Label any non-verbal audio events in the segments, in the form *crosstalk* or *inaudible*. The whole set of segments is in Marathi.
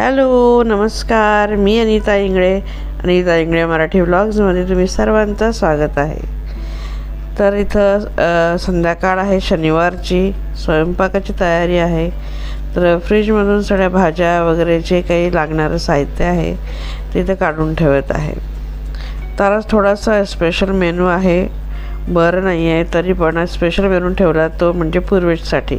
हॅलो नमस्कार मी अनिता इंगळे अनिता इंगळे मराठी ब्लॉग्समध्ये तुम्ही सर्वांचं स्वागत आहे तर इथं संध्याकाळ आहे शनिवारची स्वयंपाकाची तयारी आहे तर फ्रीजमधून सगळ्या भाज्या वगैरे जे काही लागणारं साहित्य आहे ते इथं काढून ठेवत आहे तर आज थोडासा स्पेशल मेनू आहे बरं नाही आहे तरी पण स्पेशल मेनू ठेवला तो म्हणजे पूर्वेजसाठी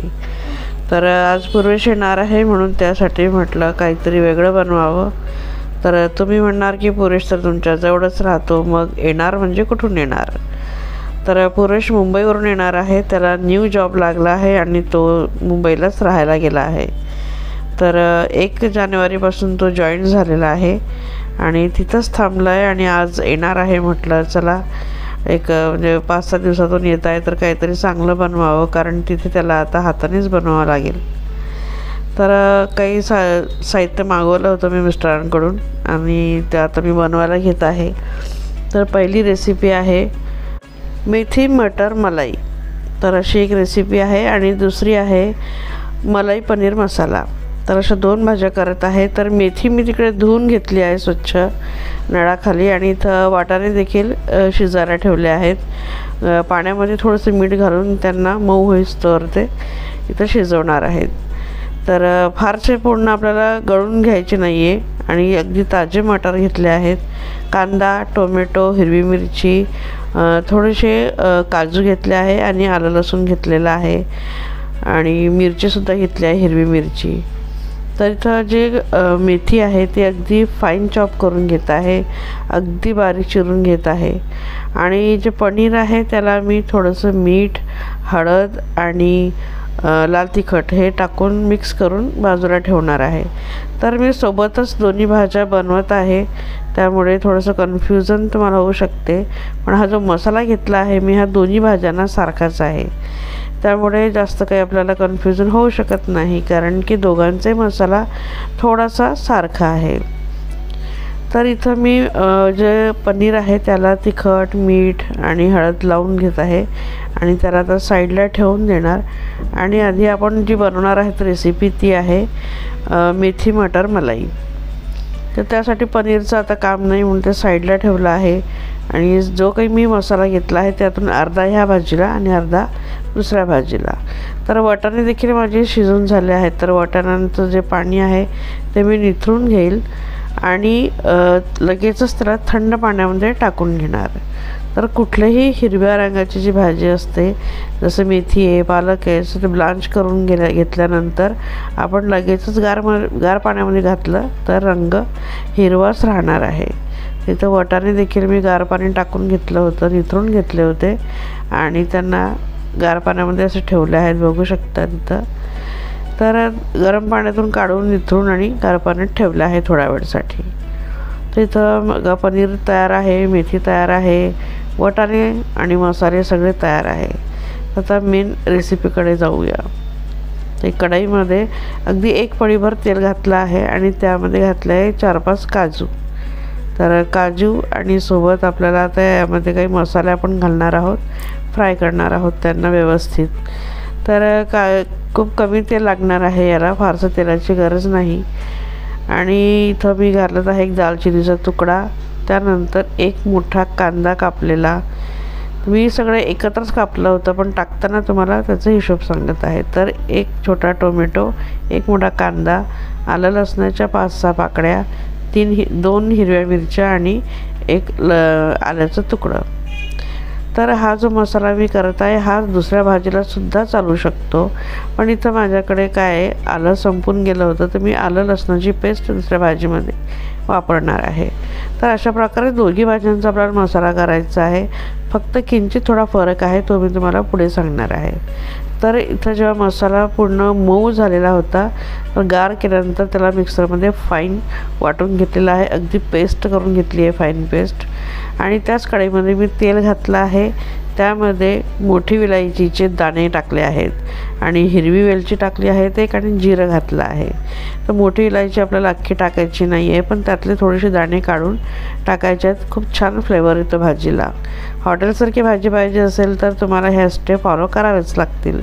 तर आज पूर्वेश येणार आहे म्हणून त्यासाठी म्हटलं काहीतरी वेगळं बनवावं तर तुम्ही म्हणणार की पुरेश तर तुमच्याजवळच राहतो मग येणार म्हणजे कुठून येणार तर पुरेश मुंबईवरून येणार आहे त्याला न्यू जॉब लागला आहे आणि तो मुंबईलाच राहायला गेला आहे तर एक जानेवारीपासून तो जॉईन झालेला आहे आणि तिथंच थांबला आहे आणि आज येणार आहे म्हटलं चला एक म्हणजे पाच सात दिवसातून येत आहे तर काहीतरी चांगलं बनवावं कारण तिथे त्याला आता हातानेच बनवावं लागेल तर काही सा साहित्य मागवलं होतं मी मिस्टरांकडून आणि ते आता मी बनवायला घेत आहे तर पहिली रेसिपी आहे मेथी मटर मलाई तर अशी एक रेसिपी आहे आणि दुसरी आहे मलाई पनीर मसाला तर अशा दोन भाज्या करत आहे तर मेथी मी तिकडे धुवून घेतली आहे स्वच्छ नळाखाली आणि इथं वाटाने देखील शिजारा ठेवले आहेत पाण्यामध्ये थोडंसं मीठ घालून त्यांना मऊ होईस्तोवर ते इथं शिजवणार आहेत तर फारसे पूर्ण आपल्याला गळून घ्यायचे नाही आहे आणि अगदी ताजे मटार घेतले आहेत कांदा टोमॅटो हिरवी मिरची थोडेसे काजू घेतले आहे आणि आलं लसूण घेतलेलं आहे आणि मिरचीसुद्धा घेतली आहे हिरवी मिरची तर इथं जे मेथी आहे ती अगदी फाईन चॉप करून घेत आहे अगदी बारीक चिरून घेत आहे आणि जे पनीर आहे त्याला मी थोडंसं मीठ हळद आणि लाल तिखट हे टाकून मिक्स करून बाजूला ठेवणार आहे तर मी सोबतच दोन्ही भाज्या बनवत आहे त्यामुळे थोडंसं कन्फ्युजन तुम्हाला होऊ शकते पण हा जो मसाला घेतला आहे मी हा दोन्ही भाज्यांना सारखाच आहे त्यामुळे जास्त काही आपल्याला कन्फ्युजन होऊ शकत नाही कारण की दोघांचे मसाला थोडासा सारखा आहे तर इथं मी जे पनीर आहे त्याला तिखट मीठ आणि हळद लावून घेत आहे आणि त्याला आता साईडला ठेवून देणार आणि आधी आपण जी बनवणार आहेत रेसिपी ती आहे मेथी मटर मलाई तर त्यासाठी पनीरचं आता काम नाही म्हणून ते साईडला ठेवलं आहे आणि जो काही मी मसाला घेतला आहे त्यातून अर्धा ह्या भाजीला आणि अर्धा दुसऱ्या भाजीला तर वाटाणे देखील माझे शिजून झाले आहेत तर वाटाण्याचं जे पाणी आहे ते मी निथळून घेईल आणि लगेचच त्याला थंड पाण्यामध्ये टाकून घेणार तर कुठल्याही हिरव्या रंगाची जी भाजी असते जसं मेथी आहे पालक आहे सगळे ते ब्लांच करून गेल्या घेतल्यानंतर आपण लगेचच गार म गार पाण्यामध्ये घातलं तर रंग हिरवाच राहणार आहे इथं वटाने देखील मी गार पाणी टाकून घेतलं होतं निथरून घेतले होते आणि त्यांना गार पाण्यामध्ये असं ठेवले आहेत बघू शकता तिथं तर गरम पाण्यातून काढून निथरून आणि गार पाण्यात ठेवलं आहे थोड्या वेळसाठी तिथं मग पनीर तयार आहे मेथी तयार आहे वटाणे आणि मसाले सगळे तयार आहे आता मेन रेसिपीकडे जाऊया ते कढईमध्ये अगदी एक पळीभर तेल घातलं आहे आणि त्यामध्ये घातलं आहे चार पाच काजू तर काजू आणि सोबत आपल्याला आता यामध्ये काही मसाले आपण घालणार आहोत फ्राय करणार आहोत त्यांना व्यवस्थित तर का खूप कमी तेल लागणार आहे याला फारसं तेलाची गरज नाही आणि इथं मी घालत आहे एक दालचिनीचा तुकडा त्यानंतर एक मोठा कांदा कापलेला मी सगळं एकत्रच कापलं होतं पण टाकताना तुम्हाला त्याचा हिशोब सांगत आहे तर एक छोटा टोमॅटो एक मोठा कांदा आलं लसणाच्या पाच सहा पाकड्या तीन हि दोन हिरव्या मिरच्या आणि एक ल आल्याचं तुकडं तर हा जो मसाला मी करत आहे हा दुसऱ्या भाजीला सुद्धा चालू शकतो पण इथं माझ्याकडे काय आलं संपून गेलं होतं तर मी आलं लसणाची पेस्ट दुसऱ्या भाजीमध्ये वापरणार आहे तर अशा प्रकारे दोघी भाज्यांचा आपल्याला मसाला करायचा आहे फक्त किंचित थोडा फरक आहे तो मी तुम्हाला पुढे सांगणार आहे तर इथं जेव्हा मसाला पूर्ण मऊ झालेला होता गार केल्यानंतर त्याला मिक्सरमध्ये फाईन वाटून घेतलेला आहे अगदी पेस्ट करून घेतली आहे फाईन पेस्ट आणि त्याच कढईमध्ये मी तेल घातलं आहे त्यामध्ये मोठी विलायचीचे दाणे टाकले आहेत आणि हिरवी वेलची टाकली आहे ते आणि जिरं घातलं आहे तर मोठी इलायची आपल्याला अख्खी टाकायची नाही आहे पण त्यातले थोडेसे दाणे काढून टाकायचे आहेत खूप छान फ्लेवर येतो भाजीला हॉटेलसारखी भाजी पाहिजे असेल तर तुम्हाला ह्या स्टेप फॉलो करावेच लागतील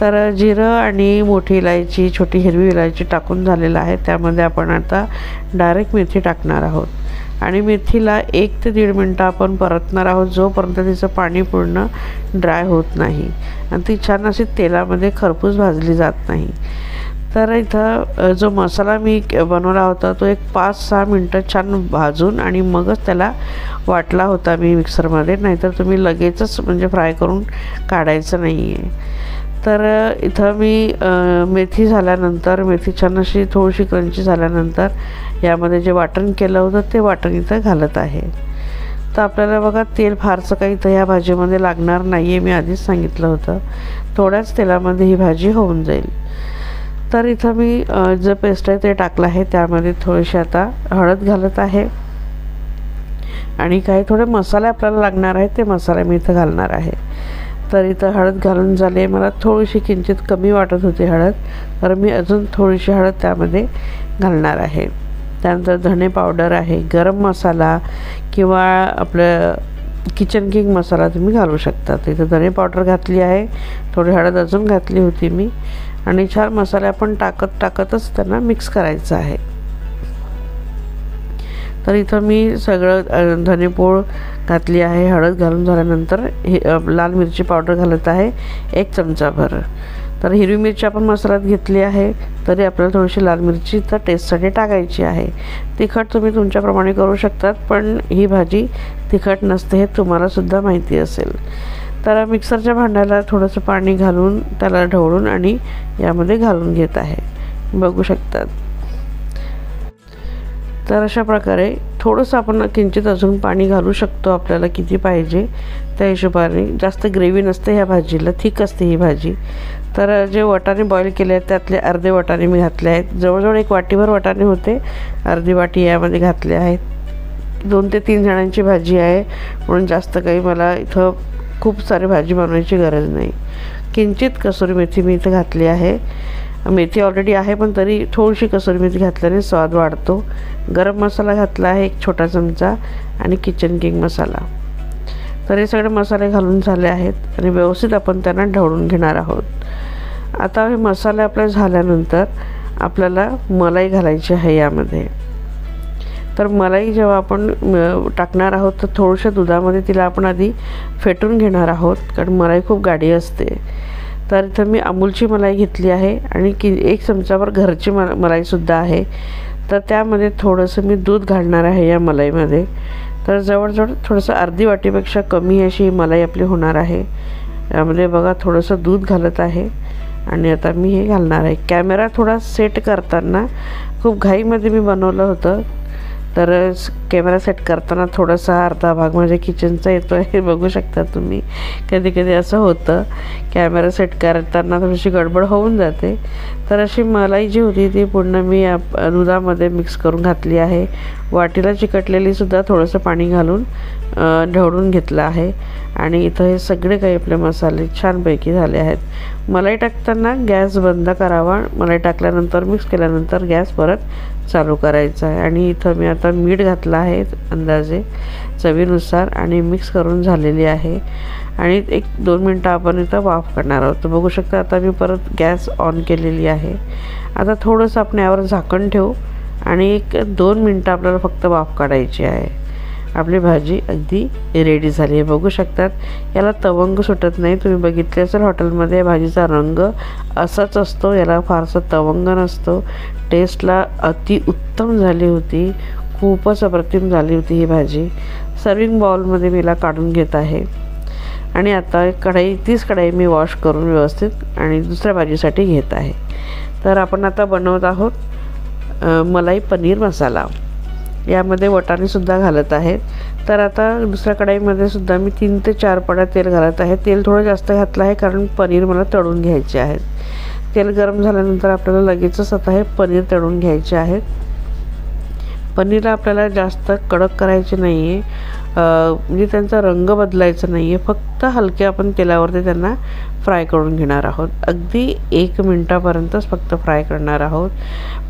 तर जिरं आणि मोठी इलायची छोटी हिरवी इलायची टाकून झालेलं आहे त्यामध्ये आपण आता डायरेक्ट मेथी टाकणार आहोत आणि मेथीला एक ते दीड मिनटं आपण परतणार आहोत जोपर्यंत तिचं पाणी पूर्ण ड्राय होत नाही आणि ती छान अशी तेलामध्ये खरपूस भाजली जात नाही तर इथं जो मसाला मी बनवला होता तो एक पाच सहा मिनटं छान भाजून आणि मगच त्याला वाटला होता मी मिक्सरमध्ये नाहीतर तुम्ही लगेचच म्हणजे फ्राय करून काढायचं नाही आहे तर इथं मी मेथी झाल्यानंतर मेथी छान अशी थोडीशी क्रंची झाल्यानंतर यामध्ये जे वाटण केलं होतं ते वाटण इथं घालत आहे तर आपल्याला बघा तेल फारसं काही इथं ह्या भाजीमध्ये लागणार नाही आहे मी आधीच सांगितलं होतं थोड्याच तेलामध्ये ही भाजी होऊन जाईल तर इथं मी जे पेस्ट आहे ते टाकलं आहे त्यामध्ये थोडीशी आता हळद घालत आहे आणि काही थोडे मसाले आपल्याला लागणार आहेत ते मसाले मी इथं घालणार आहे तर इथं हळद घालून झाले मला थोडीशी किंचित कमी वाटत होती हळद तर मी अजून थोडीशी हळद त्यामध्ये घालणार आहे त्यानंतर धणे पावडर आहे गरम मसाला किंवा आपलं किचन किंग मसाला तुम्ही घालू शकता इथं धणे पावडर घातली आहे थोडी हळद अजून घातली होती मी आणि छान मसाले आपण टाकत टाकतच त्यांना मिक्स करायचं आहे तर इथं मी सगळं धनेपोळ घातली आहे हळद घालून झाल्यानंतर हे लाल मिरची पावडर घालत आहे एक चमचाभर तर हिरवी मिरची आपण मसाल्यात घेतली आहे तरी आपल्याला थोडीशी लाल मिरची तर टेस्टसाठी टाकायची आहे तिखट तुम्ही तुमच्याप्रमाणे करू शकतात पण ही भाजी तिखट नसते हे तुम्हालासुद्धा माहिती असेल तर मिक्सरच्या भांड्याला थोडंसं पाणी घालून त्याला ढवळून आणि यामध्ये घालून घेत आहे बघू शकतात तर अशा प्रकारे थोडंसं आपण किंचित अजून पाणी घालू शकतो आपल्याला किती पाहिजे त्या हिशोबाने जास्त ग्रेव्ही नसते ह्या भाजीला थिक असते ही भाजी तर जे वटाणे बॉईल केले आहेत त्यातले अर्धे वटाणे मी घातले आहेत जवळजवळ एक वाटीभर वटाणे होते अर्धी वाटी यामध्ये घातले आहेत दोन ते तीन जणांची भाजी आहे म्हणून जास्त काही मला इथं खूप सारी भाजी बनवायची गरज नाही किंचित कसुरी मेथी मी इथं घातली आहे मेथी ऑलरेडी आहे पण तरी थोडीशी कसुरी मेथी घातल्याने स्वाद वाढतो गरम मसाला घातला आहे एक छोटा चमचा आणि किचन किंग मसाला तर हे सगळे मसाले घालून झाले आहेत आणि व्यवस्थित आपण त्यांना ढवळून घेणार आहोत आता हे मसाले आपले झाल्यानंतर आपल्याला मलाई घालायची आहे यामध्ये तर मलाई जेव्हा आपण टाकणार आहोत तर थोडंशा दुधामध्ये तिला आपण आधी फेटून घेणार आहोत कारण मलाई खूप गाडी असते तर इथं मी अमूलची मलाई घेतली आहे आणि कि एक चमचावर घरची म मलाईसुद्धा आहे तर त्यामध्ये थोडंसं मी दूध घालणार आहे या मलाईमध्ये तर जवळजवळ थोडंसं अर्धी वाटीपेक्षा कमी अशी ही मलाई आपली होणार आहे यामध्ये बघा थोडंसं दूध घालत आहे आणि आता मी हे घालणार आहे कॅमेरा थोडा सेट करताना खूप घाईमध्ये मी बनवलं होतं तर कॅमेरा सेट करताना थोडासा अर्धा भाग म्हणजे किचनचा येतो आहे हे बघू शकता तुम्ही कधी कधी असं होतं कॅमेरा सेट करताना थोडीशी गडबड होऊन जाते तर अशी मलाई जी होती ती पूर्ण मी दुधामध्ये मिक्स करून घातली आहे वाटीला चिकटलेलीसुद्धा थोडंसं पाणी घालून ढवळून घेतलं आहे आणि इथं हे सगळे काही आपले मसाले छानपैकी झाले आहेत मलाई टाकताना गॅस बंद करावा मलाई टाकल्यानंतर मिक्स केल्यानंतर गॅस परत चालू करायचा आहे आणि इथं मी आता मीठ घातलं आहे अंदाजे चवीनुसार आणि मिक्स करून झालेली आहे आणि एक दोन मिनटं आपण इथं वाफ करणार आहोत बघू शकता आता मी परत गॅस ऑन केलेली आहे आता थोडंसं आपण यावर झाकण ठेवू आणि एक दोन मिनटं आपल्याला फक्त वाफ काढायची आहे आपली भाजी अगदी रेडी झाली आहे बघू शकतात याला तवंग सुटत नाही तुम्ही बघितले असेल हॉटेलमध्ये भाजीचा रंग असाच असतो याला फारसा तवंग नसतो टेस्टला अति उत्तम झाली होती खूपच अप्रतिम झाली होती ही भाजी सर्विंग बॉलमध्ये मी याला काढून घेत आहे आणि आता कढाई तीच कढाई मी वॉश करून व्यवस्थित आणि दुसऱ्या भाजीसाठी घेत आहे तर आपण आता बनवत आहोत मलाई पनीर मसाला यामध्ये वटाणेसुद्धा घालत आहे तर आता दुसऱ्या कढाईमध्ये सुद्धा मी तीन ते चार पड्या तेल घालत आहे तेल थोडं जास्त घातलं आहे कारण पनीर मला तळून घ्यायचे आहे तेल गरम झाल्यानंतर आपल्याला लगेचच आता हे पनीर तळून घ्यायचे आहेत पनीरला आपल्याला जास्त कडक करायचे नाही आहे म्हणजे त्यांचा रंग बदलायचा नाही आहे फक्त हलके आपण तेलावरती त्यांना फ्राय करून घेणार आहोत अगदी एक मिनटापर्यंतच फक्त फ्राय करणार आहोत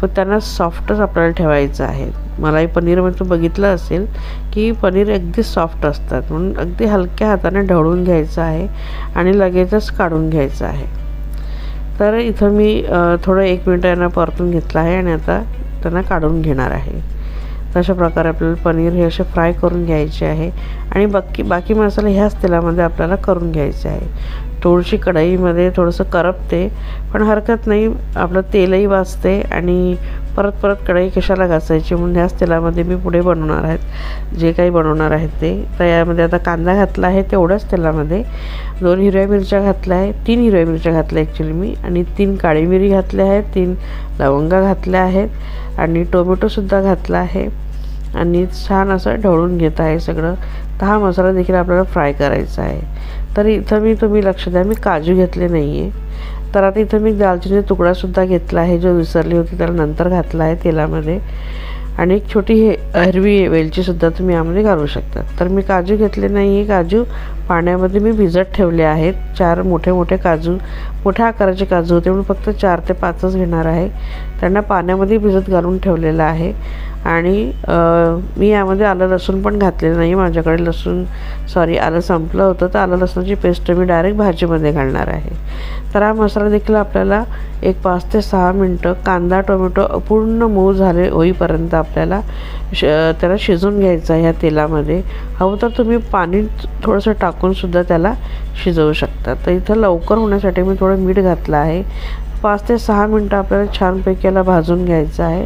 पण त्यांना सॉफ्टच आपल्याला ठेवायचं आहे मलाही पनीरमध्ये तू बघितलं असेल की पनीर अगदी सॉफ्ट असतात म्हणून अगदी हलक्या हाताने ढवळून घ्यायचं आहे आणि लगेचच काढून घ्यायचं आहे तर इथं मी थोडं एक मिनटं यांना परतून घेतलं आहे आणि आता त्यांना काढून घेणार आहे तशा प्रकारे आपल्याला पनीर हे असे फ्राय करून घ्यायचे आहे आणि बाकी बाकी मसाले ह्याच तेलामध्ये आपल्याला करून घ्यायचे आहे थोडीशी कढईमध्ये थोडंसं करपते पण हरकत नाही आपलं तेलही वाचते आणि परत परत कढई कशाला घासायची म्हणून ह्याच तेलामध्ये मी पुढे बनवणार आहेत जे काही बनवणार आहेत ते तर यामध्ये आता कांदा घातला आहे तेवढ्याच तेलामध्ये दोन हिरव्या मिरच्या घातल्या आहे तीन हिरव्या मिरच्या घातल्या ॲक्च्युली मी आणि तीन काळी मिरी घातल्या आहेत तीन लवंगा घातल्या आहेत आणि टोमॅटोसुद्धा घातला आहे आणि छान असं ढवळून घेत आहे सगळं तर हा मसाला देखील आपल्याला फ्राय करायचा आहे तर इथं मी तुम्ही लक्ष द्या मी काजू घेतले नाही आहे तर आता इथं मी दालचिनीचा तुकडासुद्धा घेतला आहे जो विसरली होती त्याला नंतर घातला आहे तेलामध्ये आणि एक छोटी हे हरवी वेलचीसुद्धा तुम्ही यामध्ये घालू शकता तर मी काजू घेतले नाही आहे काजू पाण्यामध्ये मी भिजत ठेवले आहेत चार मोठे मोठे काजू मोठ्या आकाराचे काजू होते म्हणून फक्त चार ते पाचच घेणार आहे त्यांना पाण्यामध्ये भिजत घालून ठेवलेलं आहे आणि मी यामध्ये आलं लसूण पण घातलेलं नाही माझ्याकडे लसूण सॉरी आलं संपलं होतं तर आलं लसणाची पेस्ट मी डायरेक्ट भाजीमध्ये घालणार आहे तर हा मसाला देखील आपल्याला एक पाच ते सहा मिनटं कांदा टोमॅटो पूर्ण मऊ झाले होईपर्यंत आपल्याला श त्याला घ्यायचं घ्यायचा ह्या तेलामध्ये हवं तर तुम्ही पाणी थोडंसं टाकूनसुद्धा त्याला शिजवू शकता तर इथं लवकर होण्यासाठी मी थोडं मीठ घातलं आहे पाच ते सहा मिनटं आपल्याला छानपैकी याला भाजून घ्यायचं आहे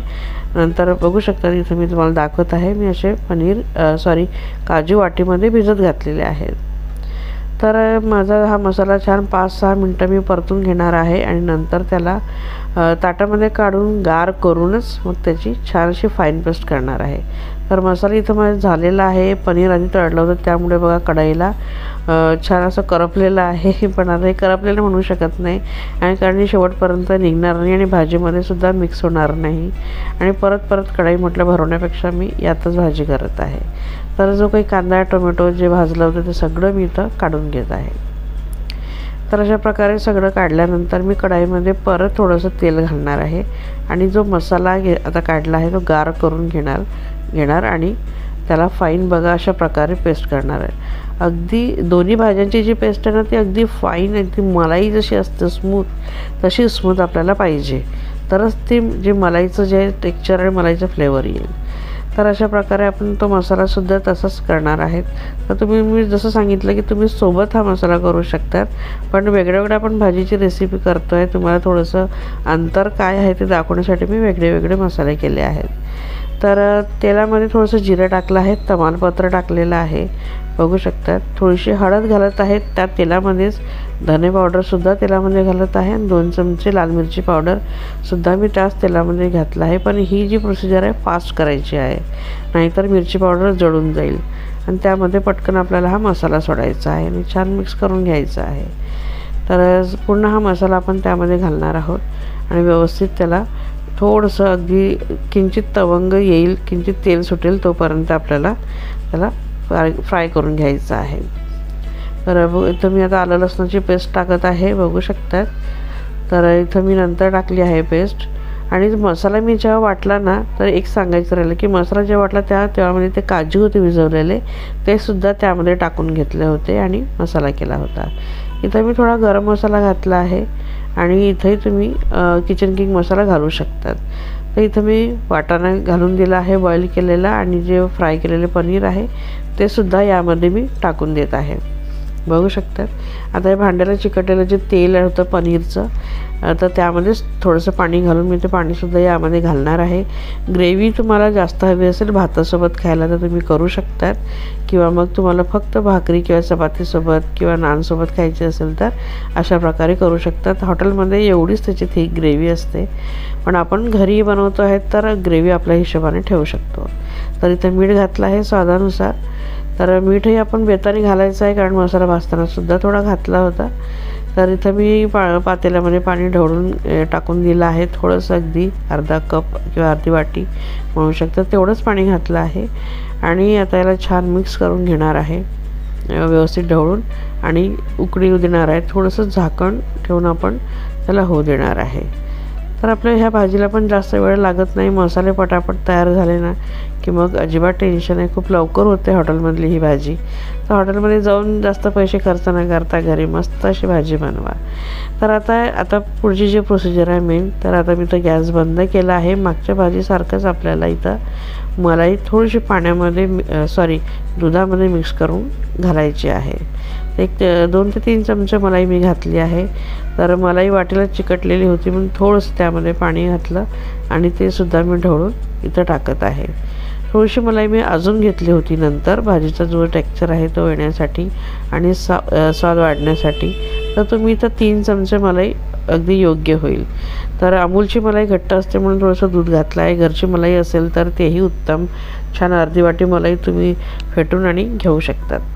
नंतर बघू शकता इथं मी तुम्हाला दाखवत आहे मी असे पनीर सॉरी काजू वाटीमध्ये भिजत घातलेले आहेत तर माझा हा मसाला छान पाच सहा मिनटं मी परतून घेणार आहे आणि नंतर त्याला ताटामध्ये काढून गार करूनच मग त्याची छानशी फाईन पेस्ट करणार आहे तर मसाला इथं माझं झालेला आहे पनीर आधी तळलं होतं त्यामुळे बघा कढाईला छान असं करपलेलं आहे पण आता हे करपलेलं म्हणू शकत नाही आणि कारण शेवटपर्यंत निघणार नाही आणि भाजीमध्ये सुद्धा मिक्स होणार नाही आणि परत परत कढाई म्हटलं भरवण्यापेक्षा मी यातच भाजी करत आहे तर जो काही कांदा टोमॅटो जे भाजलं होतं ते सगळं मी इथं काढून घेत आहे तर अशा प्रकारे सगळं काढल्यानंतर मी कढाईमध्ये परत थोडंसं तेल घालणार आहे आणि जो मसाला घे आता काढला आहे तो गार करून घेणार घेणार आणि त्याला फाईन बघा अशा प्रकारे पेस्ट करणार आहे अगदी दोन्ही भाज्यांची जी पेस्ट आहे ना ती अगदी फाईन अगदी मलाई जशी असते स्मूथ तशी स्मूथ आपल्याला पाहिजे तरच ती जे मलाईचं जे टेक्चर आणि मलाईचं फ्लेवर येईल तर अशा प्रकारे आपण तो मसालासुद्धा तसंच करणार आहेत तर तुम्ही मी जसं सांगितलं की तुम्ही सोबत हा मसाला करू शकतात पण वेगळ्या वेगळ्या आपण भाजीची रेसिपी करतो आहे तुम्हाला थोडंसं अंतर काय आहे ते दाखवण्यासाठी मी वेगळे वेगळे मसाले केले आहेत तर तेलामध्ये थोडंसं जिरं टाकलं आहे तमालपत्र टाकलेलं आहे बघू शकतात थोडीशी हळद घालत आहेत त्या तेलामध्येच धने पावडरसुद्धा तेलामध्ये घालत आहे आणि दोन चमचे लाल मिरची पावडरसुद्धा मी त्याच तेलामध्ये घातला आहे पण ही जी प्रोसिजर आहे फास्ट करायची आहे नाहीतर मिरची पावडर जळून जाईल आणि त्यामध्ये पटकन आपल्याला हा मसाला सोडायचा आहे आणि छान मिक्स करून घ्यायचा आहे तर पूर्ण हा मसाला आपण त्यामध्ये घालणार आहोत आणि व्यवस्थित त्याला थोडंसं अगदी किंचित तवंग येईल किंचित तेल सुटेल तोपर्यंत आपल्याला त्याला फ्राय फ्राय करून घ्यायचं आहे तर इथं मी आता आलं लसणाची पेस्ट टाकत आहे बघू शकतात तर इथं मी नंतर टाकली आहे पेस्ट आणि मसाला मी जेव्हा वाटला ना तर एक सांगायचं राहिलं की मसाला जेव्हा वाटला त्या तेव्हामध्ये ते काजू होते भिजवलेले ते सुद्धा त्यामध्ये टाकून घेतले होते आणि मसाला केला होता इथं मी थोडा गरम मसाला घातला आहे आणि इथंही तुम्ही किचन किंग मसाला घालू शकतात तर इथं मी वाटाणा घालून दिला आहे बॉईल केलेला आणि जे फ्राय केलेले पनीर आहे ते सुद्धा यामध्ये मी टाकून देत आहे बघू शकतात आता हे भांड्याला चिकटलेलं जे तेल होतं पनीरचं तर त्यामध्येच थोडंसं पाणी घालून मी ते पाणीसुद्धा यामध्ये घालणार आहे ग्रेव्ही तुम्हाला जास्त हवी असेल भातासोबत खायला तर तुम्ही करू शकतात किंवा मग तुम्हाला फक्त भाकरी किंवा चपातीसोबत किंवा नानसोबत खायची असेल तर अशा प्रकारे करू शकतात हॉटेलमध्ये एवढीच त्याची थिक ग्रेव्ही असते पण आपण घरी बनवतो आहे तर ग्रेव्ही आपल्या हिशोबाने ठेवू शकतो तर इथं मीठ घातलं आहे स्वादानुसार तर मीठही आपण बेताने घालायचं आहे कारण मसाला भाजतानासुद्धा थोडा घातला होता तर इथं मी पा पातेल्यामध्ये पाणी ढवळून टाकून दिलं आहे थोडंसं अगदी अर्धा कप किंवा अर्धी वाटी म्हणू शकतं तेवढंच पाणी घातलं आहे आणि आता याला छान मिक्स करून घेणार आहे व्यवस्थित ढवळून आणि उकडी देणार आहे थोडंसं झाकण ठेवून आपण त्याला होऊ देणार आहे तर आपल्या ह्या भाजीला पण जास्त वेळ लागत नाही मसाले पटापट तयार झाले ना की मग अजिबात टेन्शन आहे खूप लवकर होते हॉटेलमधली ही भाजी तर हॉटेलमध्ये जाऊन जास्त पैसे खर्च न करता घरी मस्त अशी भाजी बनवा तर आता आता पुढची जी प्रोसिजर आहे मेन तर आता मी तर गॅस बंद केला आहे मागच्या भाजीसारखंच आपल्याला इथं मलाई थोडीशी पाण्यामध्ये सॉरी दुधामध्ये मिक्स करून घालायची आहे एक दोन ते तीन चमचे मलाई मी घातली आहे तर मलाई वाटेला चिकटलेली होती म्हणून थोडंसं त्यामध्ये पाणी घातलं आणि ते सुद्धा मी ढवळून इथं टाकत आहे थोडीशी मलाई मी अजून घेतली होती नंतर भाजीचा जो टेक्चर आहे तो येण्यासाठी आणि सा स्वाद वाढण्यासाठी तर तुम्ही इथं तीन चमचे मलाई अगदी योग्य होईल तर अमूलची मलाई घट्ट असते म्हणून थोडंसं दूध घातलं आहे घरची मलाई असेल तर तेही उत्तम छान अर्धी वाटी मलाई तुम्ही फेटून आणि घेऊ शकतात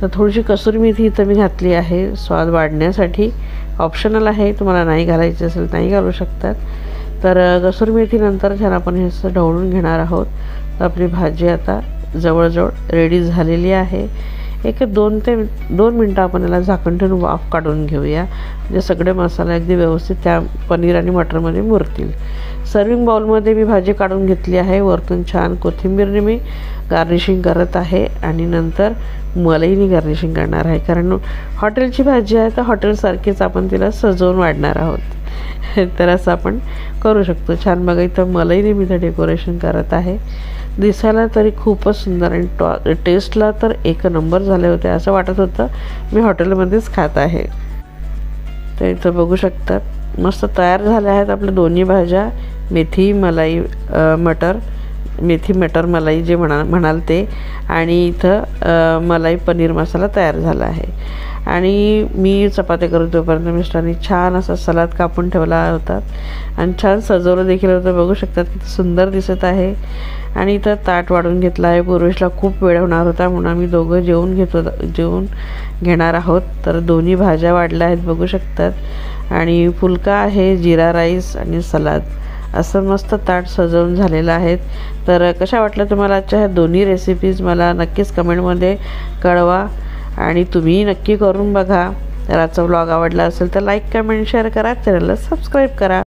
तर थोडीशी कसुरी मेथी इथं मी घातली आहे स्वाद वाढण्यासाठी ऑप्शनल आहे तुम्हाला नाही घालायची असेल नाही घालू शकतात तर कसुरी मेथीनंतर छान आपण हे असं ढवळून घेणार आहोत तर आपली भाजी आता जवळजवळ रेडी झालेली आहे एक दोन ते दोन मिनटं आपण याला झाकण ठेवून वाफ काढून घेऊया म्हणजे सगळे मसाले अगदी व्यवस्थित त्या पनीर आणि मटरमध्ये मुरतील सर्विंग बाउलमध्ये मी भाजी काढून घेतली आहे वरतून छान कोथिंबीरने मी गार्निशिंग करत आहे आणि नंतर मलईनी गार्निशिंग करणार आहे कारण हॉटेलची भाजी आहे तर हॉटेलसारखीच आपण तिला सजवून वाढणार आहोत *laughs* तर असं आपण करू शकतो छान बघा इथं मलईने मी तर डेकोरेशन करत आहे दिसायला तरी खूपच सुंदर आणि टॉ टेस्टला तर एक नंबर झाले होते असं वाटत होतं मी हॉटेलमध्येच खात आहे तर इथं बघू शकतात मस्त तयार झाल्या आहेत आपल्या दोन्ही भाज्या मेथी मलाई मटर मेथी मटर मलाई जे म्हणा म्हणाल ते आणि इथं मलाई पनीर मसाला तयार झाला आहे आणि मी चपात्या करत तोपर्यंत मिस्टरांनी छान असा सलाद कापून ठेवला होता आणि छान सजवलं देखील होतं बघू शकतात किती सुंदर दिसत आहे आणि इथं ताट वाढून घेतला आहे पूर्वेशला खूप वेळ होणार होता म्हणून आम्ही दोघं जेवून घेतो जेवून घेणार आहोत तर दोन्ही भाज्या वाढल्या आहेत बघू शकतात आणि फुलका आहे जिरा राईस आणि सलाद असं मस्त ताट सजवून झालेलं आहे तर कशा वाटल्या तुम्हाला आजच्या ह्या दोन्ही रेसिपीज मला नक्कीच कमेंटमध्ये कळवा आणि तुम्ही नक्की करून बघा तर आजचा व्लॉग आवडला असेल तर लाईक कमेंट शेअर करा चॅनलला सबस्क्राईब करा